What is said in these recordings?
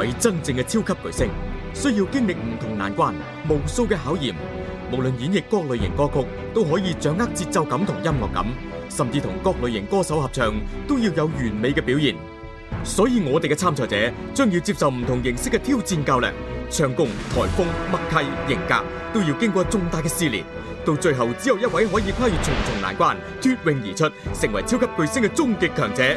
為真正嘅超級巨星，需要經歷唔同難關、無數嘅考驗。無論演繹各類型歌曲，都可以掌握節奏感同音樂感，甚至同各類型歌手合唱都要有完美嘅表現。所以我哋嘅參賽者將要接受唔同形式嘅挑戰較量，唱功、台風、默契、型格都要經過重大嘅試煉。到最後，只有一位可以跨越重重難關，脫穎而出，成為超級巨星嘅終極強者。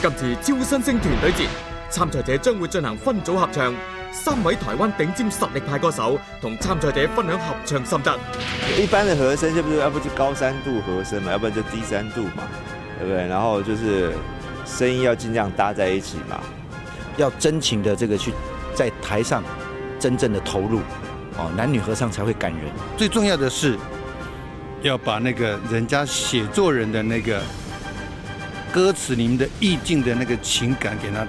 今次超新星團隊戰。參賽者將會進行分組合唱，三位台灣頂尖實力派歌手同參賽者分享合唱心得。一般的和聲，是不是要不就高三度和聲嘛，要不然就低三度嘛，對不對？然後就是聲音要盡量搭在一起嘛，要真情的這個去在台上真正的投入，哦，男女合唱才會感人。最重要的是要把那個人家寫作人的那個歌詞裡面的意境的那個情感給他。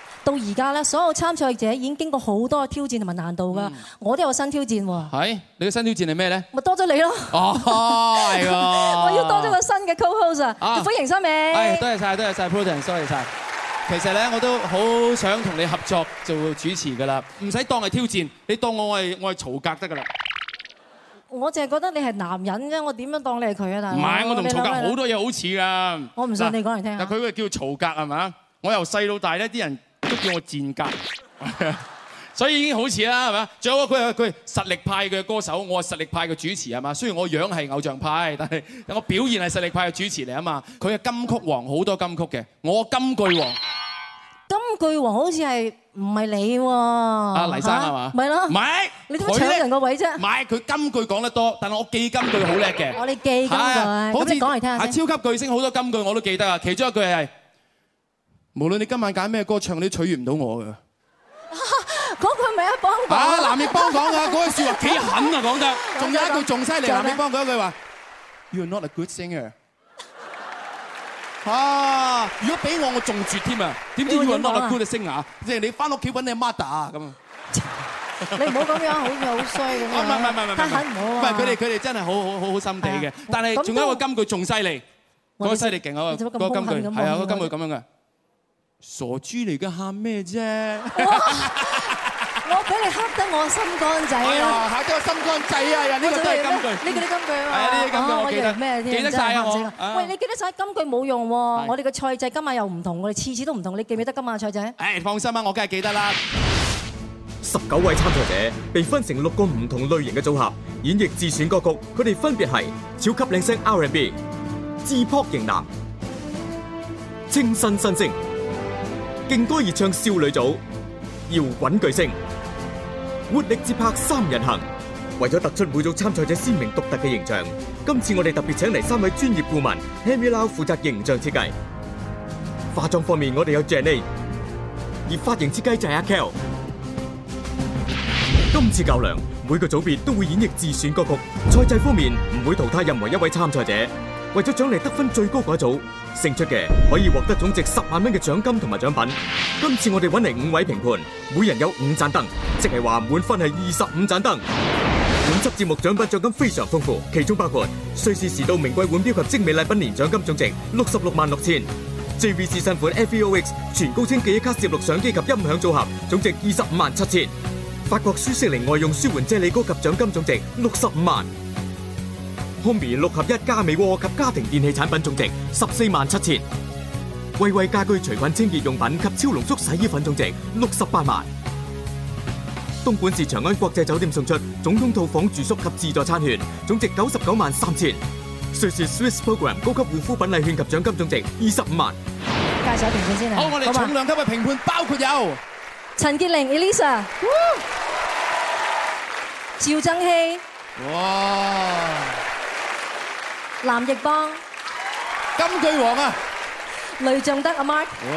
到而家咧，所有參賽者已經經過好多嘅挑戰同埋難度噶，我都有新挑戰喎。係，你嘅新挑戰係咩咧？咪多咗你咯。哦，係喎。我要多咗個新嘅 co-host 啊！歡迎森美。係，多謝晒，多謝晒，Protein，多謝晒。其實咧，我都好想同你合作做主持噶啦，唔使當係挑戰，你當我係我係曹格得噶啦。我淨係覺得你係男人啫，我點樣當你係佢啊？但係唔係我同曹格好多嘢好似㗎。我唔信，你講嚟聽下。嗱，佢係叫曹格係咪？我由細到大咧，啲人，都叫我賤格，所以已經好似啦，係咪啊？仲有佢係佢實力派嘅歌手，我係實力派嘅主持係嘛。雖然我樣係偶像派，但係我表現係實力派嘅主持嚟啊嘛。佢係金曲王，好多金曲嘅，我金句王。金句王好似係唔係你喎？啊黎生係嘛？咪咯，唔係你都搶人個位啫？唔係佢金句講得多，但係我記金句好叻嘅。我哋記金句，你講嚟聽下先。啊超級巨星好多金句我都記得啊，其中一句係。無論你今晚揀咩歌唱，你都取悅唔到我嘅。嗰句咪阿邦講。啊，藍奕邦講嘅嗰句說話幾狠啊，講得。仲有一句仲犀利，藍奕邦嗰一句話。You are not a good singer。啊，如果俾我，我仲絕添啊。點知你唔係啊？You are not a good singer，即係你翻屋企揾你阿媽打啊咁啊。你唔好咁樣，好似好衰咁樣。唔係唔係唔係唔係，唔係佢哋佢哋真係好好好好心地嘅。但係仲有一個金句仲犀利，嗰個犀利勁啊！嗰個金句係啊，嗰金句咁樣嘅。傻豬嚟嘅，喊咩啫？我我俾你喊得我心肝仔了，喊、哎、得我心肝仔啊！又呢個都係金句，呢個係金句，金句啊！哦，我記得咩添？記得晒，啊！我喂你記得晒，金句冇用喎、啊，是我哋嘅賽制今日又唔同，我哋次次都唔同，你記唔記得今晚賽制？誒、哎，放心啊，我梗係記得啦。十九位參賽者被分成六個唔同類型嘅組合，演繹自選歌曲。佢哋分別係超級靚聲 R&B、自撲型男、清新聲勁歌熱唱少女組、搖滾巨星、活力自拍三人行，為咗突出每組參賽者鮮明獨特嘅形象，今次我哋特別請嚟三位專業顧問，Harry Lau 負責形象設計，化妝方面我哋有 Jenny，而髮型設計就係阿 Kel。今次較量，每個組別都會演繹自選歌曲。賽制方面唔會淘汰任何一位參賽者，為咗獎勵得分最高嗰一組。勝出嘅可以獲得總值十萬蚊嘅獎金同埋獎品。今次我哋揾嚟五位評判，每人有五盞燈，即係話滿分係二十五盞燈。本輯節目獎品獎金非常豐富，其中包括瑞士時度名貴腕錶及精美禮品年獎金總值六十六萬六千。JVC 新款 FVOX 全高清記憶卡攝錄相機及音響組合總值二十五萬七千。法國舒適靈外用舒緩啫喱膏及獎金總值六十五萬。Homeby 六合一加味鍋及家庭電器產品總值十四萬七千；維維家居除菌清潔用品及超濃縮洗衣粉總值六十八萬；東莞市長安國際酒店送出總統套房住宿及自助餐券總值九十九萬三千；瑞士 Swiss Program 高級護膚品禮券及獎金總值二十五萬。介紹評判先啊，好，我哋重量級嘅評判包括有陳潔玲、Elisa、趙增熙。哇。藍奕邦，金巨王啊，雷仲德啊 Mark，哇！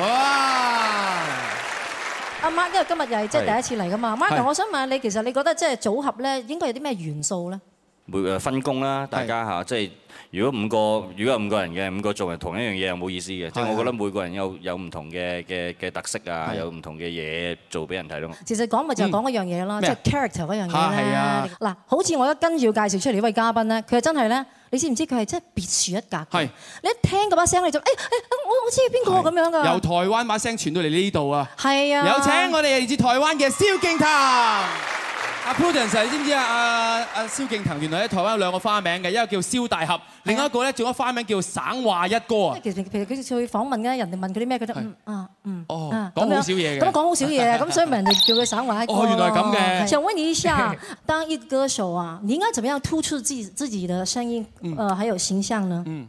阿 Mark，因為今日又係即係第一次嚟㗎嘛，Mark，我想問下你，其實你覺得即係組合咧應該有啲咩元素咧？每個分工啦，大家嚇即係。如果五個，如果五個人嘅五個做埋同一樣嘢，又冇意思嘅。即係我覺得每個人有有唔同嘅嘅嘅特色啊，有唔同嘅嘢做俾人睇咯。其實講咪就係講嗰樣嘢咯，即係 character 嗰樣嘢咧。嗱，好似我一跟住要介紹出嚟呢位嘉賓咧，佢係真係咧，你知唔知佢係真係別樹一格？係。你一聽嗰把聲你就，誒誒，我我知係邊個咁樣㗎？由台灣把聲傳到嚟呢度啊！係啊！有請我哋嚟自台灣嘅蕭敬騰。阿 Prudence 你知唔知啊？阿、啊、阿蕭敬騰原來喺台灣有兩個花名嘅，一個叫蕭大俠，是的 另一個咧仲有一個花名叫省話一哥啊。其實其實佢做訪問嘅，人哋問佢啲咩，佢都嗯啊嗯哦講好少嘢嘅，咁講好少嘢嘅，咁所以咪人哋叫佢省話一哥啊。原來係咁嘅是。想問你一下，是當一歌手啊，你應該點樣突出自自己嘅聲音，呃、嗯，還有形象呢？嗯。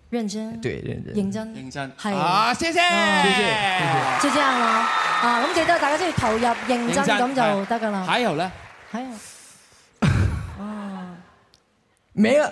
認真，對，認真，認真，認真，係。好，謝謝，謝謝，謝謝，謝謝，啊，咁記得大家都要投入，認真咁真就得噶啦。還有呢？還有。 啊，冇喇？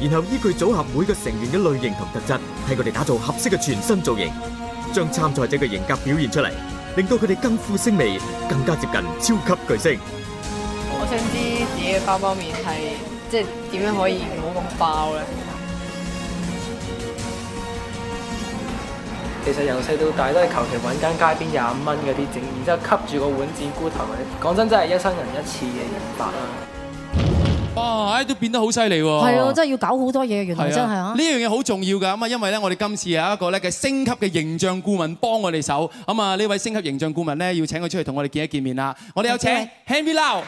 然後依據組合每個成員嘅類型同特質，替佢哋打造合適嘅全新造型，將參賽者嘅型格表現出嚟，令到佢哋更富聲味，更加接近超級巨星。我想知自己嘅包包面係即係點樣可以唔好咁爆咧？其實由細到大都係求其揾間街邊廿五蚊嗰啲整，然之後吸住個碗剪菇頭，講真真係一生人一次嘅飲法啦。哇！唉，都變得好犀利喎。係啊，真係要搞好多嘢，原來真係啊的。呢樣嘢好重要㗎。咁啊，因為咧，我哋今次有一個咧嘅星級嘅形象顧問幫我哋手。咁啊，呢位星級形象顧問咧，要請佢出嚟同我哋見一見面啦。我哋有請 Henry Lau。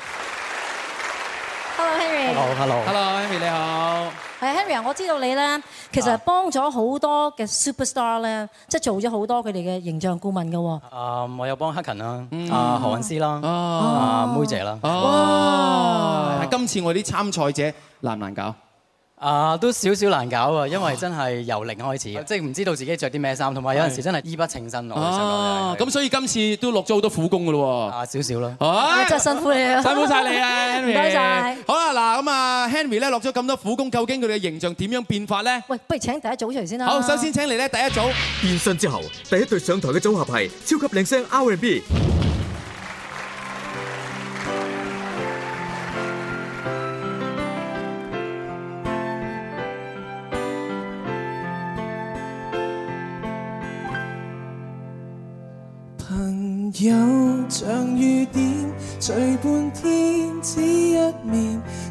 Hello，Henry。Hello，Hello。Hello，Henry，你好。係，Henry，我知道你咧，其實幫咗好多嘅 superstar 咧，即係做咗好多佢哋嘅形象顧問嘅喎。啊，我有幫 Hacken 啦，啊，何韻詩啦，啊，妹姐啦。哇！今次我啲參賽者難唔難搞？啊，都少少難搞啊，因為真係由零開始嘅，即係唔知道自己著啲咩衫，同埋有陣時真係衣不稱身來嘅。哦，咁所以今次都落咗好多苦功嘅咯喎。啊，少少咯。真係辛苦你啦，辛苦曬你啊，Henry。唔該曬。好啦，嗱咁啊，Henry 咧落咗咁多苦功，究竟佢哋嘅形象點樣變化咧？喂，不如請第一組出嚟先啦。好，首先請嚟咧第一組。變身之後，第一隊上台嘅組合係超級靚聲 R&B。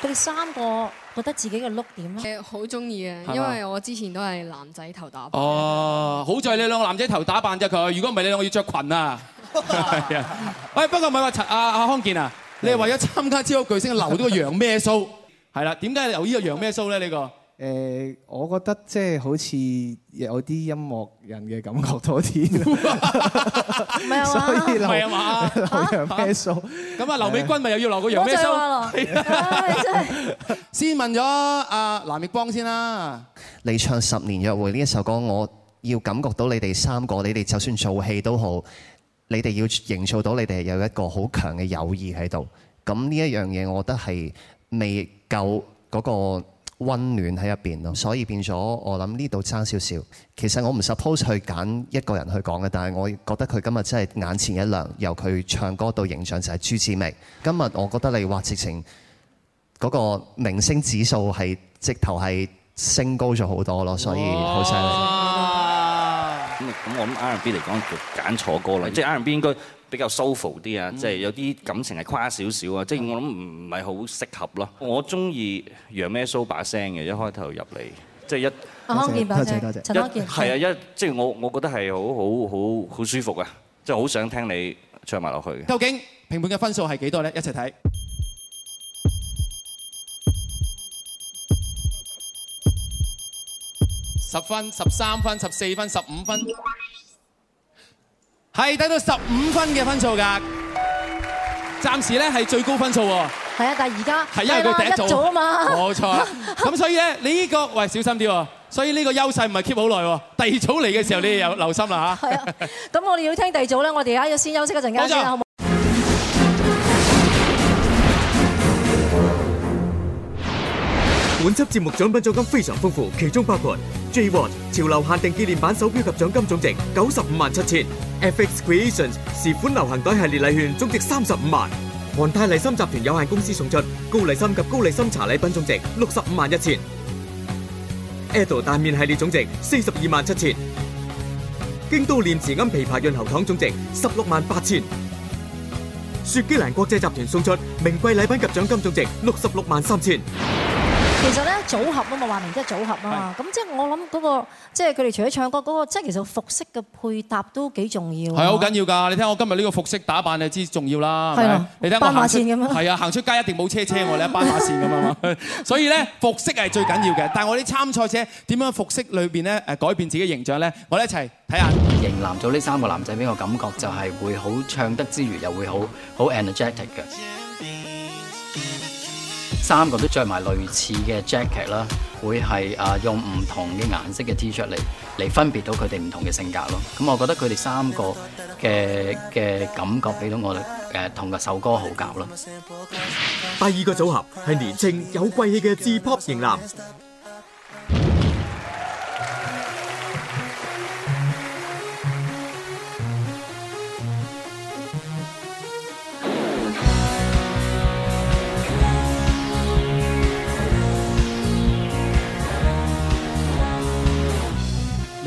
佢哋三個覺得自己嘅 look 點咧？誒吧，好中意啊！因為我之前都係男仔頭打扮。哦，好在你兩個男仔頭打扮啫，佢。如果唔係，你兩個要着裙啊。係啊。喂，不過唔係話陳阿、啊、康健啊，的你係為咗參加超級巨星留咗個羊咩鬚？係啦， 點解留呢個羊咩鬚咧？呢、呢個？誒，我覺得即係好似有啲音樂人嘅感覺多啲，所以留個楊咩咁啊？什麼劉美君咪又要留個楊咩？先問咗阿藍奕邦先啦，你唱《十年約會》呢一首歌，我要感覺到你哋三個，你哋就算做戲都好，你哋要營造到你哋有一個好強嘅友誼喺度。咁呢一樣嘢，我覺得係未夠嗰、那個。溫暖喺入邊咯，所以變咗我諗呢度爭少少。其實我唔 suppose 去揀一個人去講嘅，但係我覺得佢今日真係眼前一亮，由佢唱歌到形象就係朱志明。今日我覺得你話直情嗰個明星指數係直頭係升高咗好多咯，所以好犀利。咁我諗 R&B 嚟講就揀錯歌啦，對 即係 R&B 應該。比較 soft 啲啊，即係有啲感情係誇少少啊，即係我諗唔係好適合咯。我中意楊咩蘇把聲嘅，一開頭入嚟，即係一康健把聲，多謝多謝，陳康健，係啊，一即係我我覺得係好好好好舒服啊，即係好想聽你唱埋落去。究竟評判嘅分數係幾多咧？一齊睇，十分、十三分、十四分、十五分係等到十五分嘅分數噶，暫時咧係最高分數係啊，但係而家係因為佢第一組啊嘛錯，冇錯。咁所以咧，你、這、呢個喂，小心啲喎。所以呢個優勢唔係 keep 好耐喎。第二組嚟嘅時候，你又留心啦吓、啊。 係啊。咁我哋要聽第二組咧，我哋而家要先休息一陣間先，錯本輯節目獎品獎金非常豐富，其中包括 J Watch 潮流限定紀念版手錶及獎金總值九十五萬七千；FX Creations 時款流行袋系列禮券總值三十五萬；韓泰禮心集團有限公司送出高麗參及高麗參茶禮品總值六十五萬一千；Ado 大麵系列總值四十二萬七千；京都念慈菴枇杷潤喉糖總值十六萬八千；雪肌蘭國際集團送出名貴禮品及獎金總值六十六萬三千。其實咧組合啊嘛，話明即係組合啊嘛，咁即係我諗嗰、嗰個即係佢哋除咗唱歌嗰個，即係其實服飾嘅配搭都幾重要。係好緊要㗎，你睇我今日呢個服飾打扮就知重要啦，係啊吧，你睇我行出，係啊，行出街一定冇車車我哋一斑馬線咁啊嘛。 所以咧服飾係最緊要嘅，但係我啲參賽者點樣服飾裏邊咧誒改變自己形象咧，我哋一齊睇下。型男組，呢三個男仔邊個感覺就係會好唱得之餘又會好好 energetic 嘅。三個都着埋類似嘅 jacket 啦，會係啊用唔同嘅顏色嘅 T 恤嚟嚟分別到佢哋唔同嘅性格咯。咁我覺得佢哋三個嘅嘅感覺俾到我哋誒同個首歌好夾咯。第二個組合係年青有貴氣嘅 G Pop 型男。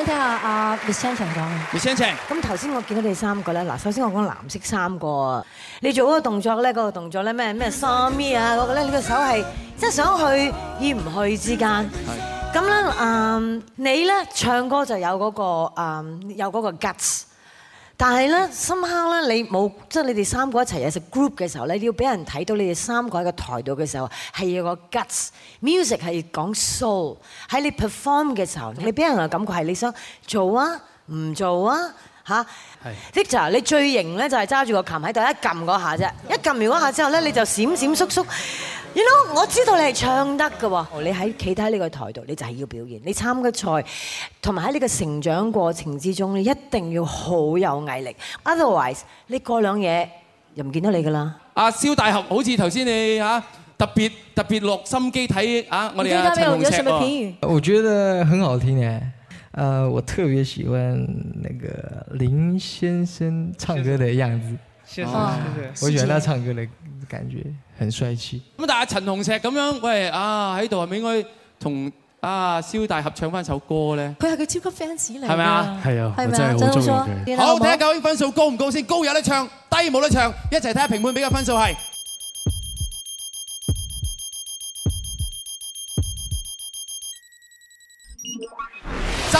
想聽下阿 Miss 講啊 Miss 咁，頭先生我見到你三個咧，嗱，首先我講藍色三個啊，你做嗰個動作咧，嗰個動作咧咩咩 s o me 啊，嗰個咧，你個手係即係想去，要唔去之間，咁咧，你咧唱歌就有嗰個，有嗰個 guts。但係咧，深刻咧，你冇即係你哋三個一齊有隻 group 嘅時候咧，你要俾人睇到你哋三個喺個台度嘅時候係個 guts，music 係講 soul，喺你 perform 嘅時候，你俾人嘅感覺係你想做啊，唔做啊，嚇。是 Victor，你最型咧就係揸住個琴喺度一撳嗰下啫，一撳完嗰下之後咧你就閃閃縮縮，縮。You know，我知道你係唱得嘅喎，你喺企喺呢個台度，你就係要表現。你參加賽同埋喺呢個成長過程之中你一定要好有毅力。Otherwise，你過兩嘢又唔見到你㗎啦。阿蕭大俠好似頭先你，嚇特別特別落心機睇嚇我哋啊陳龍邪。你覺得咩？有啲我覺得很好聽嘅。Uh, 我特別喜歡那個林先生唱歌的樣子，我喜歡他唱歌的感覺，很帥氣。咁但係陳紅石咁樣，喂啊喺度係咪應該同啊蕭大俠唱翻首歌咧？佢係佢超級 fans 嚟噶，係咪？係啊，我真係好中意。好，睇下究竟分數高唔高先，高有得唱，低冇得唱，一齊睇下評判俾個分數係。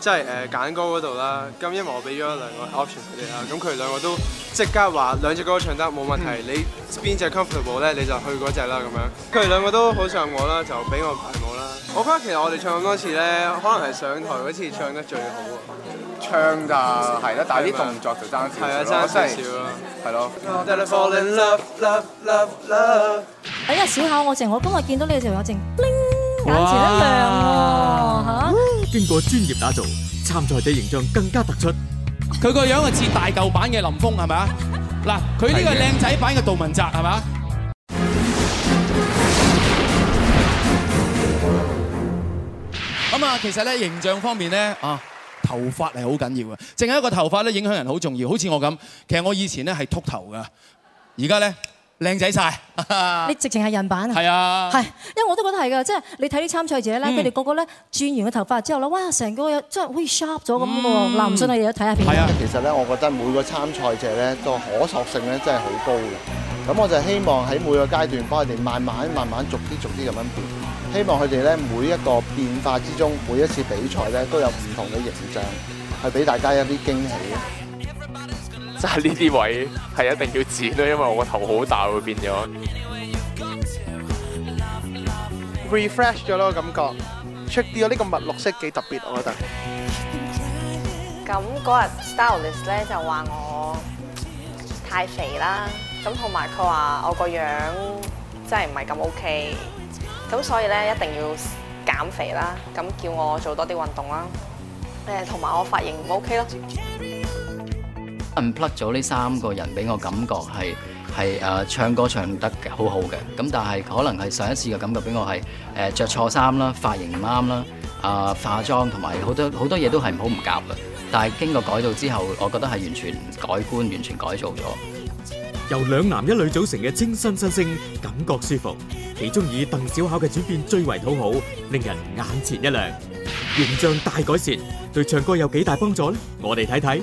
即係誒揀歌嗰度啦，咁因為我俾咗兩個 option 佢哋啦，咁佢哋兩個都即刻話兩隻歌唱得冇問題，嗯、你邊隻 comfortable 咧，你就去嗰隻啦咁樣。佢哋兩個都好上我啦，就俾我排舞啦。我覺得其實我哋唱咁多次咧，可能係上台嗰次唱得最好喎。唱就係啦，但係啲動作就爭少少，可惜咯，love love love love 喺度小巧我靜，我今日見到你嘅時候，我靜眼前一亮啊！經過專業打造，參賽者形象更加突出。佢個樣係似大舊版嘅林峯係咪？嗱，佢呢 個靚仔版嘅杜文澤係咪？咁啊，是的其實咧形象方面咧啊，頭髮係好緊要嘅，淨係一個頭髮咧影響人好重要。好似我咁，其實我以前咧係禿頭噶，而家咧。靚仔晒，你直情係人版啊！係啊，係，因為我都覺得係㗎，即係你睇啲參賽者咧，佢哋個個咧轉完個頭髮之後咧，哇，成個又真係好似 sharp 咗咁喎！難唔信你哋都睇下片。係啊，其實咧，我覺得每個參賽者咧，個可塑性咧，真係好高嘅。咁我就希望喺每個階段幫佢哋慢慢、慢慢逐啲、逐啲咁樣變。希望佢哋咧每一個變化之中，每一次比賽咧都有唔同嘅形象，係俾大家一啲驚喜。就係呢啲位係一定要剪咯，因為我個頭好大會變咗 refresh 咗咯，感覺，出啲咯，呢個墨綠色幾特別我覺得。咁嗰日 stylist 咧就話我太肥啦，咁同埋佢話我個樣真係唔係咁 OK，咁所以咧一定要減肥啦，咁叫我做多啲運動啦，誒同埋我髮型唔 OK 咯。unplug 咗呢三個人，俾我感覺係係誒唱歌唱得好好嘅。咁但係可能係上一次嘅感覺俾我係誒着錯衫啦、髮型唔啱啦、啊化妝同埋好多好多嘢都係唔好唔夾嘅。但係經過改造之後，我覺得係完全改觀、完全改造咗。由兩男一女組成嘅清新新星，感覺舒服。其中以鄧小巧嘅轉變最為討好，令人眼前一亮。形象大改善，對唱歌有幾大幫助呢？我哋睇睇。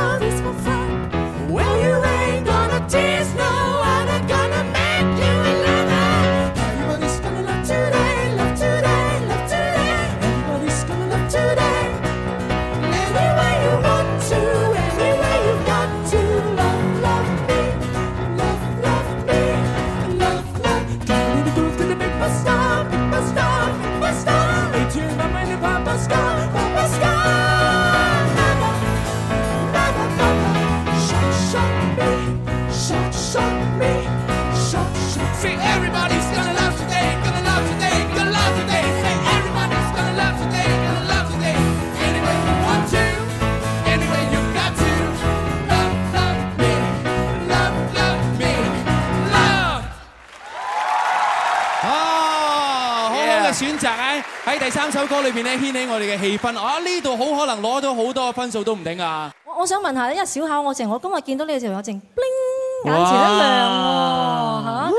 第三首歌裏邊咧掀起我哋嘅氣氛啊！呢度好可能攞到好多分數都唔定啊！我我想問一下咧，一小考我剩，我今日見到呢個小朋友剩，眼前一亮喎嚇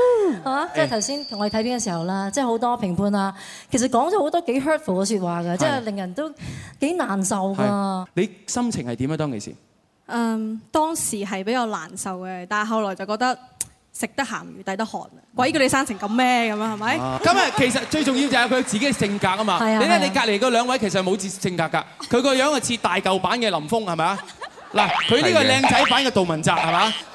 嚇，即係頭先同我哋睇片嘅時候啦，即係好多評判啊，其實講咗好多幾 hurtful 嘅説話㗎，即係的令人都幾難受㗎。你心情係點啊？當其時，嗯，當時係、um, 比較難受嘅，但係後來就覺得。食得鹹魚抵得寒，鬼叫你生成咁咩咁樣？係咪？咁啊，其實最重要就係佢有自己嘅性格嘛是啊嘛。係啊，你睇你隔離嗰兩位其實冇自性格㗎，佢個樣係似大舊版嘅林峯係咪啊？嗱，佢呢 個靚仔版嘅杜汶澤係咪啊？是的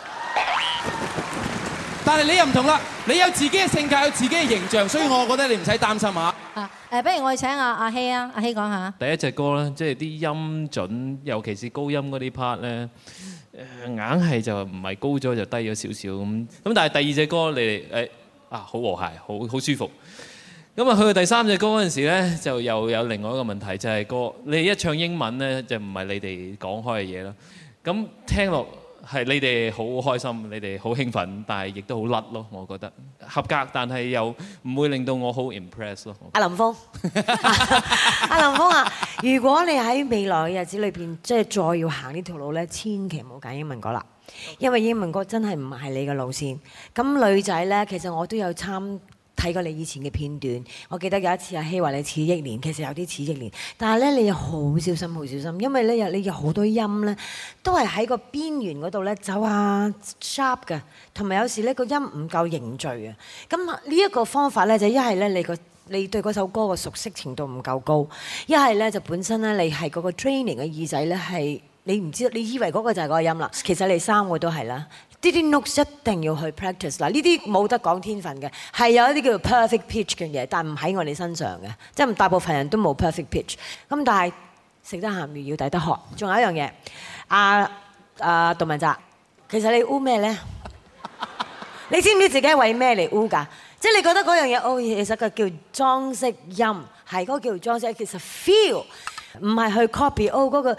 但係你又唔同啦，你有自己嘅性格，有自己嘅形象，所以我覺得你唔使擔心下啊。啊，誒，不如我哋請阿、啊、阿希啊，阿希講下。第一隻歌啦，即係啲音準，尤其是高音嗰啲 part 咧。硬係就唔係高咗就低咗少少咁咁，但係第二隻歌你哋誒、哎、啊好和諧，好好舒服。咁啊去到第三隻歌嗰陣時呢，就又有另外一個問題，就係、是、歌你一唱英文呢，就唔係你哋講開嘅嘢啦。咁聽落。係你哋好開心，你哋好興奮，但係亦都好甩咯，我覺得合格，但係又唔會令到我好 impress 咯。阿林峰，阿 林峰啊，如果你喺未來嘅日子裏邊，即係再要行呢條路咧，千祈唔好揀英文歌啦，因為英文歌真係唔係你嘅路線。咁女仔咧，其實我都有參。睇過你以前嘅片段，我記得有一次阿希話你似憶蓮，其實有啲似憶蓮，但係咧你又好小心，好小心，因為咧有你有好多音咧都係喺個邊緣嗰度咧走下 sharp 嘅，同埋有時咧個音唔夠凝聚啊。咁呢一個方法咧就一係咧你個你對嗰首歌嘅熟悉程度唔夠高，一係咧就本身咧你係嗰個 training 嘅耳仔咧係你唔知，你以為嗰個就係個音啦，其實你三個都係啦。呢啲 notes 一定要去 practice 嗱，呢啲冇得講天分嘅，係有一啲叫做 perfect pitch 嘅嘢，但唔喺我哋身上嘅，即係大部分人都冇 perfect pitch。咁但係食得鹹魚要抵得渴。仲有一樣嘢，阿阿杜汶澤，其實你污咩咧？你知唔知自己係為咩嚟污㗎？即係你覺得嗰樣嘢，哦，其實佢叫裝飾音，係嗰個叫裝飾，其實 feel 唔係去 copy all 嗰個。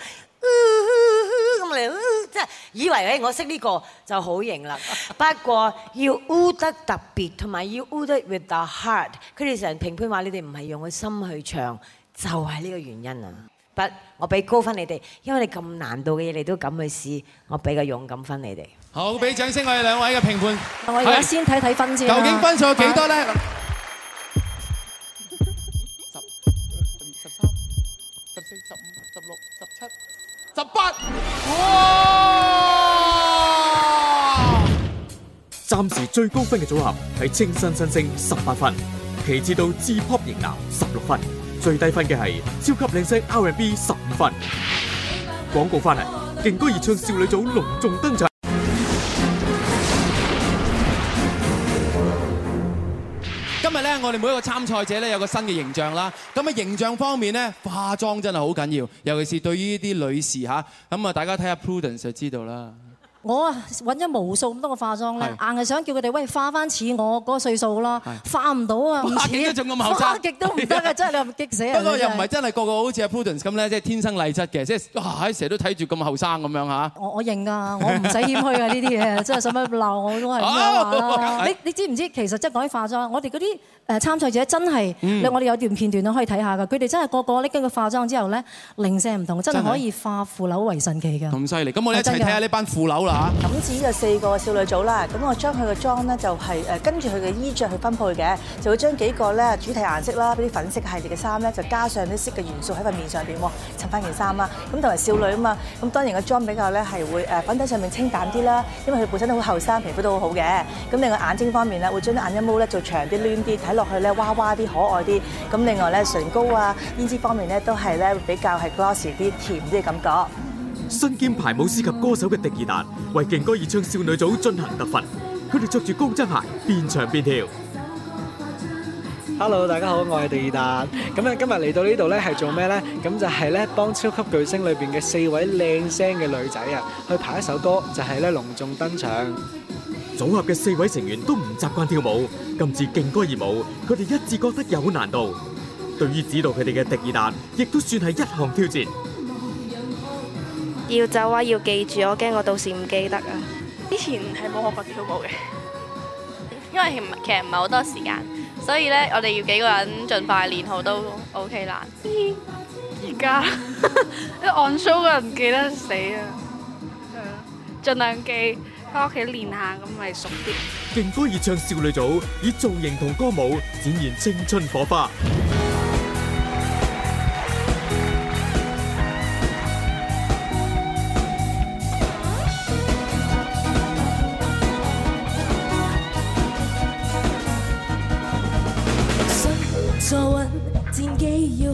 咁嚟，即係以為誒我識呢個就好型啦。不過要 hold 得特別，同埋要 hold 得 with the heart。佢哋成日評判話你哋唔係用個心去唱，就係呢個原因啊！不，我俾高分你哋，因為你咁難度嘅嘢你都敢去試，我俾個勇敢分你哋。好，俾掌聲！我哋兩位嘅評判。我而家先睇睇分先。究竟分數有幾多咧？十、十二、十三、十四、十五、十六、十七。十八，哇！暫時最高分嘅組合係清新新星十八分，其次到 G Pop 型男十六分，最低分嘅係超級靚聲 R&B 十五分。廣告翻嚟，勁歌熱唱少女組隆重登場。每一個參賽者有個新嘅形象喇，咁形象方面，化妝真係好緊要，尤其是對於啲女士，大家睇下 Prudence 就知道喇。我啊揾咗無數咁多個化妝咧，硬係想叫佢哋喂化翻似我嗰個歲數啦，化唔到啊，唔似，仲咁後生，化極都唔得嘅，真係你話激死！啊！不過又唔係真係個個好似阿 Pootens 咁咧，即係天生麗質嘅，即係成日都睇住咁後生咁樣嚇。我我認啊，我唔使謙虛啊，呢啲嘢真係使乜鬧我都係咁話啦。你你知唔知其實即係講起化妝，我哋嗰啲誒參賽者真係，我哋有段片段都可以睇下噶，佢哋真係個個咧經過化妝之後咧，零舍唔同，真係可以化腐朽為神奇嘅。咁犀利！咁我哋一齊睇下呢班腐朽啦。咁至於有四個少女組啦，咁我將佢個妝咧就係跟住佢嘅衣着去分配嘅，就會將幾個咧主題顏色啦，嗰啲粉色系列嘅衫咧，就加上啲色嘅元素喺個面上邊喎，襯翻件衫啦。咁同埋少女啊嘛，咁當然個妝比較咧係會粉底上面清淡啲啦，因為佢本身都好後生，皮膚都好好嘅。咁另外眼睛方面咧，會將啲眼睫毛咧做長啲、攣啲，睇落去咧娃娃啲、可愛啲。咁另外咧唇膏啊、胭脂方面咧都係咧比較係 glow 啲、甜啲嘅感覺。身兼排舞師及歌手嘅迪爾達為勁歌熱唱少女組進行特訓，佢哋着住高踭鞋邊唱邊跳。Hello，大家好，我係迪爾達，咁啊，今日嚟到呢度咧係做咩咧？咁就係咧幫超級巨星裏邊嘅四位靚聲嘅女仔啊，去排一首歌，就係咧隆重登場。組合嘅四位成員都唔習慣跳舞，今次勁歌熱舞，佢哋一致覺得有難度。對於指導佢哋嘅迪爾達，亦都算係一項挑戰。要走啊！要記住，我驚我到時唔記得啊！之前係冇學過跳舞嘅，因為其實唔係好多時間，所以咧我哋要幾個人盡快練好都 OK 啦。而家一按 show 嘅人記得死了啊！盡量記，返屋企練下咁咪熟啲。勁歌熱唱少女組以造型同歌舞展現青春火花。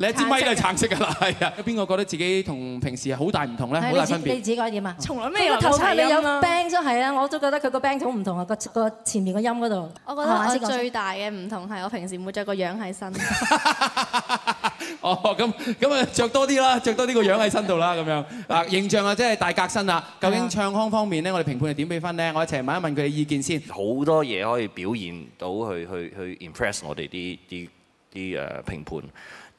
你支咪都係橙色㗎啦，係啊！邊個覺得自己同平時好大唔同咧？好大分別。你自己覺得點啊？從來咩留產啊？你有 band 都係啊！我都覺得佢個 band 好唔同啊，個個前面個音嗰度。我覺得我最大嘅唔同係我平時唔會着個樣喺身。 哦，咁咁啊，著多啲啦，着多啲個樣喺身度啦，咁樣啊，形象啊，即係大革新啊！究竟唱腔方面咧，我哋評判係點俾分咧？我一齊問一問佢嘅意見先。好多嘢可以表現到去去去 impress 我哋啲啲啲誒評判。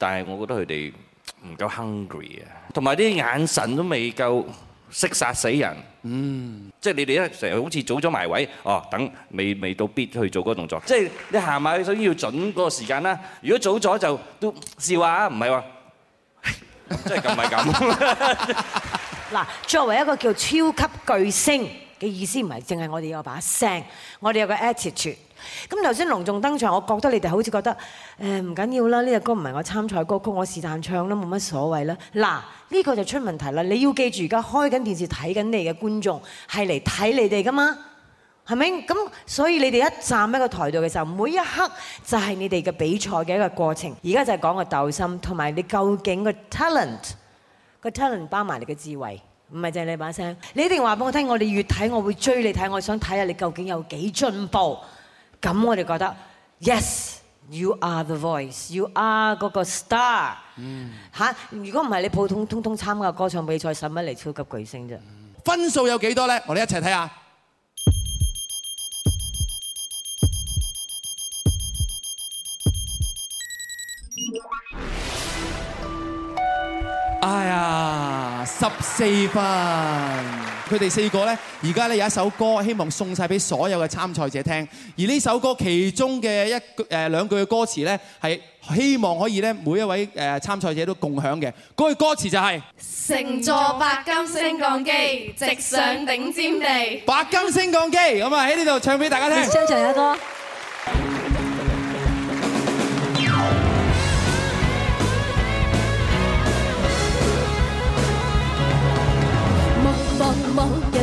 但係我覺得佢哋唔夠 hungry 啊，同埋啲眼神都未夠識殺死人。嗯，即係你哋呢成日好似早咗埋位，哦，等未未到必去做嗰個動作。即係你行埋去，首先要準個時間啦。如果早咗就都笑話啊，唔係喎，即係咁係咁。嗱，作為一個叫超級巨星嘅意思，唔係淨係我哋有把聲，我哋有個 attitude。咁頭先隆重登場，我覺得你哋好似覺得唔緊要啦，欸，呢隻歌唔係我參賽歌曲，我是但唱都冇乜所謂啦。嗱，呢個就出問題啦。你要記住，而家開緊電視睇緊你嘅觀眾係嚟睇你哋噶嘛，係咪？咁所以你哋一站一個台度嘅時候，每一刻就係你哋嘅比賽嘅一個過程。而家就係講個鬥心，同埋你究竟個 talent，個 talent 包埋你嘅智慧，唔係淨係你把聲。你一定話俾我聽，我哋越睇，我會追你睇，我想睇下你究竟有幾進步。咁我哋覺得，Yes，You are the voice，You are 嗰個 star。嚇，如果唔係你普通通通參加歌唱比賽，使乜嚟超級巨星啫？分數有幾多呢？我哋一齊睇下。哎呀，十四分。佢哋四個咧，而家咧有一首歌，希望送曬俾所有嘅參賽者聽。而呢首歌其中嘅一誒兩句嘅歌詞咧，係希望可以咧，每一位誒參賽者都共享嘅。嗰句歌詞就係：乘坐白金升降機，直上頂尖地。白金升降機，咁啊喺呢度唱俾大家聽。現場有歌。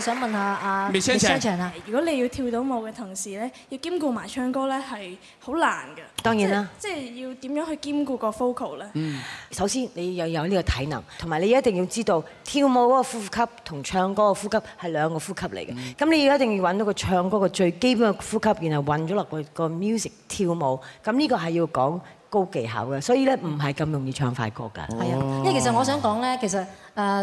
我想問下阿 m i c 啊，生生如果你要跳到舞嘅同時咧，要兼顧埋唱歌咧，係好難嘅。當然啦、就是，即、就、係、是、要點樣去兼顧個 focal 咧？嗯，首先你要有呢個體能，同埋你一定要知道跳舞嗰個呼吸同唱歌個呼吸係兩個呼吸嚟嘅。咁你要一定要揾到個唱歌個最基本嘅呼吸，然後混咗落個個 music 跳舞。咁呢個係要講高技巧嘅，所以咧唔係咁容易唱快歌㗎。係啊，因為其實我想講咧，其實。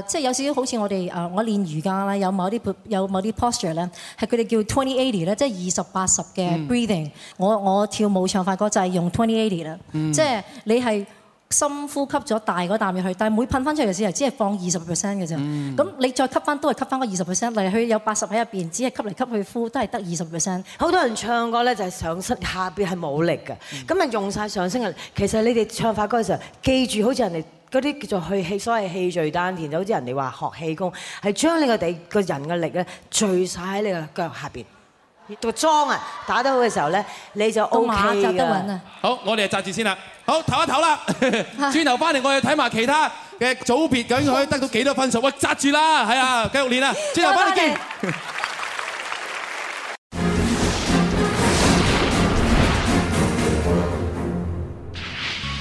即係有少少好似我哋誒，我練瑜伽啦，有某啲有某啲 posture 咧，係佢哋叫 twenty eighty 咧，即係二十八十嘅 breathing。我我跳舞唱快歌就係用 twenty eighty 啦，即係你係深呼吸咗大嗰啖入去，但係每噴翻出嚟嘅時候，只係放二十 percent 嘅啫。咁、嗯、你再吸翻都係吸翻嗰二十 percent，例如佢有八十喺入邊，只係吸嚟吸去呼都係得二十 percent。好多人唱歌咧就係上身下邊係冇力嘅，咁咪、嗯、用晒上身嘅。其實你哋唱快歌嘅時候，記住好似人哋。嗰啲叫做去氣，所謂氣聚丹田，就好似人哋話學氣功，係將你個地個人嘅力咧聚晒喺你個腳下邊。個樁啊，打得好嘅時候咧，你就 O K，扎得穩啊。好，我哋就扎住先啦。好，唞一唞啦，轉頭翻嚟我哋睇埋其他嘅組別，究竟佢得到幾多分數？喂，扎住啦，係啊，繼續練啊，轉頭翻嚟見。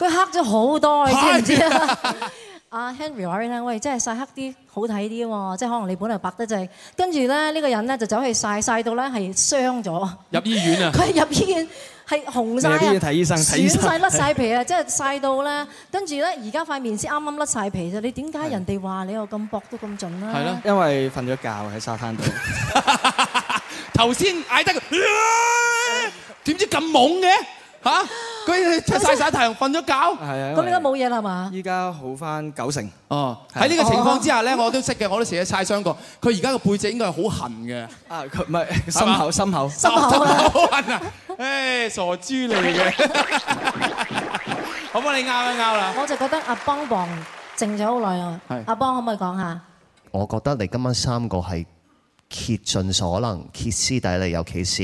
佢黑咗好多，你知唔知啊？阿 Henry 話俾我聽，喂，真係曬黑啲好睇啲喎，即係可能你本來白得滯，跟住咧呢、呢個人咧就走去曬曬到咧係傷咗，入醫院啊！佢係入醫院係紅晒入醫院睇醫生，睇醫生損甩曬晒皮啊！的即係曬到咧，跟住咧而家塊面先啱啱甩晒皮啫。你點解人哋話你又咁薄都咁盡咧？係咯，因為瞓咗覺喺沙灘度。頭先嗌得，點、啊、知咁猛嘅？嚇！佢出晒晒太陽，又瞓咗覺，咁你都冇嘢啦係嘛？依家好翻九成。哦，喺呢的個情況之下咧、哦，我都識嘅，我都成日曬傷過。佢而家個背脊應該係好痕嘅。啊，佢唔係心口，吧心口，心口，心口好痕啊！唉、啊， hey, 傻豬嚟嘅。好 幫你拗一拗啦？我就覺得阿邦王靜咗好耐啊。是阿邦可唔可以講下？我覺得你今晚三個係竭盡所能、歇斯底里，尤其是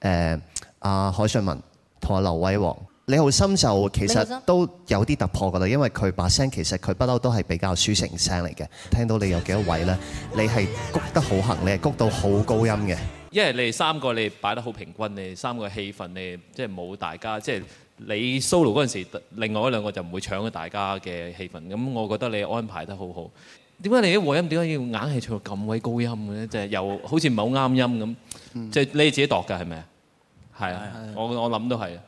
誒阿海信文。同阿劉偉王，你好深就其實都有啲突破噶啦，因為佢把聲其實佢不嬲都係比較抒情聲嚟嘅。聽到你有幾多位咧？你係谷得好行，你係谷到好高音嘅。因為你哋三個你擺得好平均，你三個戲份，你即係冇大家即係、就是、你 solo 嗰陣時，另外嗰兩個就唔會搶咗大家嘅戲份。咁我覺得你安排得好好。點解你啲和音點解要硬係唱咁鬼高音嘅咧？即、就、係、是、又好似唔係好啱音咁，即、就、係、是、你自己度嘅係咪啊？係啊，我 我諗都係啊。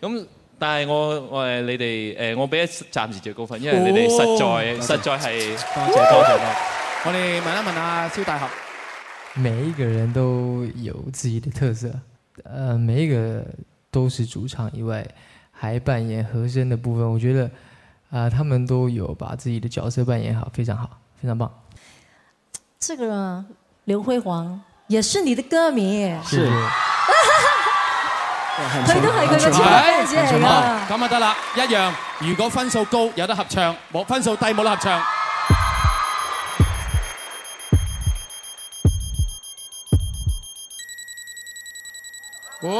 咁但係我我誒你哋誒我俾一暫時最高分，因為你哋實在、哦、實在係多謝多謝多謝。我哋問一問啊，蕭大俠。每一個人都有自己的特色，誒，每一個都是主唱以外，還扮演和聲的部分。我覺得啊，他們都有把自己的角色扮演好，非常好，非常棒。這個劉輝煌。也是你的歌迷，佢都係佢嘅超級 fans 嚟㗎。咁啊得啦，一樣。如果分數高有得合唱，冇分數低冇得合唱。哇！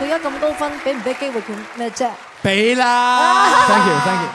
佢而家咁高分，俾唔俾機會佢咩啫？俾啦！啊！Thank you，Thank you。You.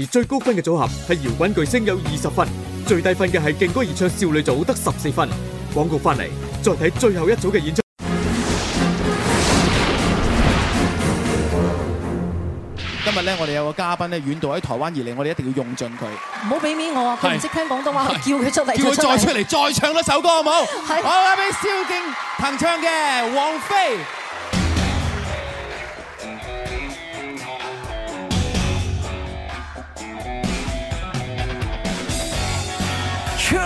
而最高分嘅組合係搖滾巨星，有二十分；最低分嘅係勁歌熱唱少女組，得十四分。廣告翻嚟，再睇最後一組嘅演出。今日咧，我哋有個嘉賓咧遠道喺台灣而嚟，我哋一定要用盡佢。唔好俾面我啊！佢唔識聽廣東話，是是叫佢出嚟。叫佢再出嚟，再唱一首歌好冇？好，好，交俾蕭敬騰唱嘅王菲。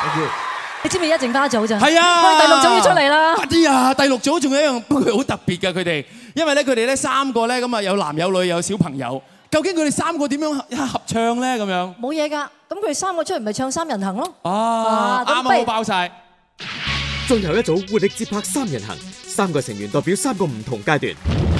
Thank 你知唔知一陣花組咋？係啊第、哎，第六組要出嚟啦！啲啊，第六組仲有一樣，不過佢好特別噶，佢哋，因為咧，佢哋咧三個咧，咁啊有男有女又有小朋友，究竟佢哋三個點樣合唱咧？咁樣冇嘢噶，咁佢哋三個出嚟咪唱三人行咯！啊，啱啱好爆晒！最後一組活力節拍三人行，三個成員代表三個唔同階段。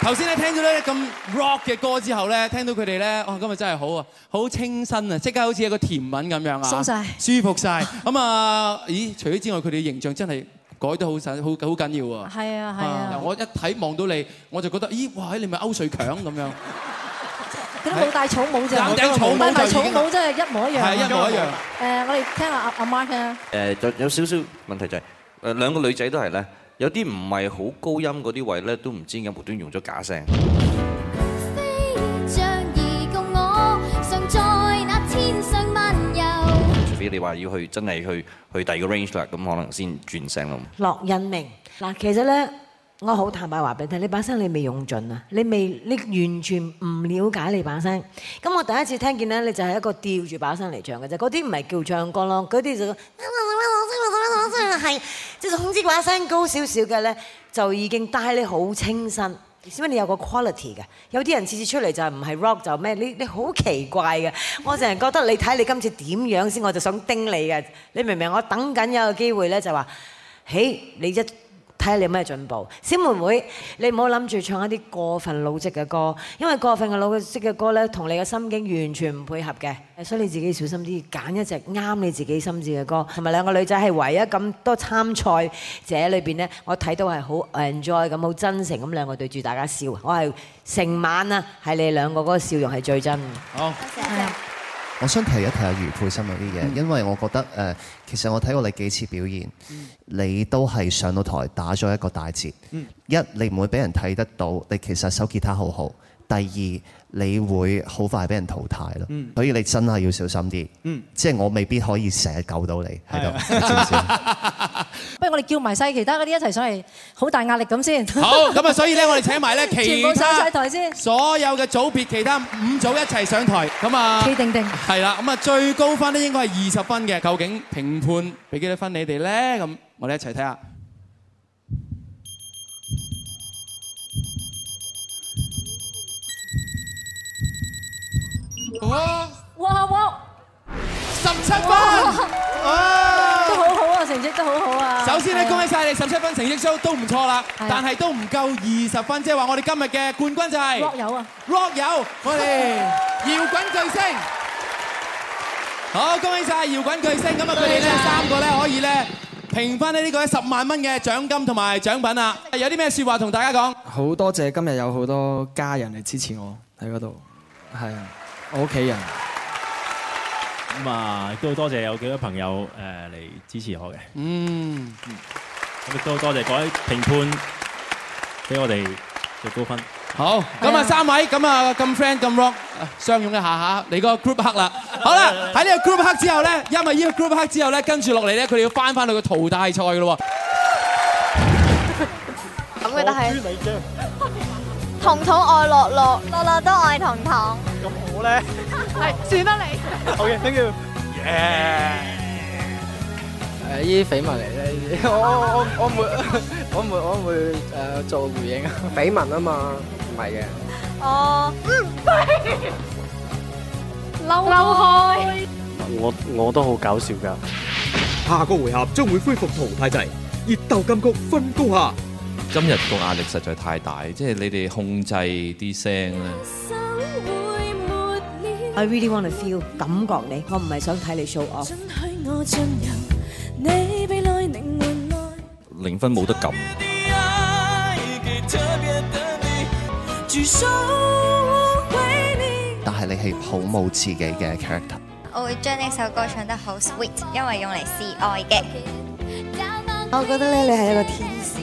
頭先咧聽咗咧咁 rock 嘅歌之後咧，聽到佢哋咧，哦，今日真係好啊，好清新啊，即刻好似一個甜品咁樣啊，鬆曬，舒服曬。咁啊，咦？除咗之外，佢哋形象真係改得好曬，好好緊要喎。係啊係啊。我一睇望到你，我就覺得，咦，哇！你咪歐瑞強咁樣，佢都冇戴草帽啫，戴埋草帽真係一模一樣。係一模一樣。誒，我哋聽下阿阿 Mark 啊。誒，有少少問題就係，誒兩個女仔都係咧。有啲唔係好高音嗰啲位咧，都唔知點解無端用咗假聲。除非你話要去真係去去第二個 range 啦，咁可能先轉聲咯。樂韻明嗱，其實咧。我好坦白話俾你聽，你把聲你未用盡啊！你未你完全唔了解你把聲。咁我第一次聽見咧，你就係一個吊住把聲嚟唱嘅啫。嗰啲唔係叫唱歌咯，嗰啲就係即係總之把聲高少少嘅咧，就已經帶你好清新，因為你有個 quality 嘅。有啲人次次出嚟就係唔係 rock 就咩？你你好奇怪嘅。我淨係覺得你睇你今次點樣先，我就想叮你嘅。你明唔明？我等緊有個機會咧，就話，嘿，你一。睇下你有咩進步，小妹妹，你唔好諗住唱一啲過分老積嘅歌，因為過分嘅老積嘅歌呢，同你嘅心境完全唔配合嘅，所以你自己小心啲，揀一隻啱你自己心智嘅歌。同埋兩個女仔係唯一咁多參賽者裏邊呢，我睇到係好 enjoy 咁，好真誠咁兩個對住大家笑，我係成晚啊，係你兩個嗰個笑容係最真。好謝。多謝。我想提一提阿余佩心嗰啲嘢，因為我覺得誒、呃，其實我睇過你幾次表演，你都係上到台打咗一個大字，一，你唔會俾人睇得到，你其實手吉他好好。第二，你會好快俾人淘汰咯，嗯、所以你真係要小心啲。嗯，即係我未必可以成日救到你喺度，知唔知？不如我哋叫埋晒其他嗰啲一齊上嚟，好大壓力咁先。好，咁啊，所以咧，我哋請埋咧其他全部上台先所有嘅組別，其他五組一齊上台。咁啊，企定定。係啦，咁啊，最高分咧應該係二十分嘅，究竟評判俾幾多分你哋咧？咁我哋一齊睇下。哇哇！十七分，都好好啊，成績都好好啊。首先咧，啊、恭喜晒你十七分成績，啊、都都唔錯啦，但係都唔夠二十分，即係話我哋今日嘅冠軍就係、是啊、Rock 友啊，Rock 友，我哋搖滾巨星。啊、好，恭喜晒搖滾巨星。咁啊、嗯，佢哋咧三個咧可以咧平分咧呢個十萬蚊嘅獎金同埋獎品啦。有啲咩說話同大家講？好多謝今日有好多家人嚟支持我喺嗰度，係啊。屋企人，咁啊都多謝有幾多朋友誒嚟支持我嘅、mm。嗯，咁亦多多謝各位評判俾我哋嘅高分。好，咁啊三位，咁啊咁 friend 咁 rock，相擁一下下，嚟個 group hug 啦。好啦，喺呢個 group hug 之後咧，因為呢個 group hug 之後咧，跟住落嚟咧，佢哋要翻翻去個淘汰賽㗎咯。咁嘅，都係。彤彤愛樂樂，樂樂都愛彤彤。咁我咧係轉乜你？好嘅，thank you。耶！誒，呢啲緋聞嚟咧，我我我我唔會，我唔會我唔會誒做回應。緋聞啊嘛，唔係嘅。哦，唔緋，溜開。我我都好搞笑㗎。下個回合將會恢復淘汰制，熱鬥金曲分高下。今日個壓力實在太大，即係你哋控制啲聲咧。I really want to feel 感覺你，我唔係想睇你 show 我。零分冇得撳。但係你係好冇自己嘅 character。我會將呢首歌唱得好 sweet，因為用嚟示愛嘅。我覺得咧，你係一個天使。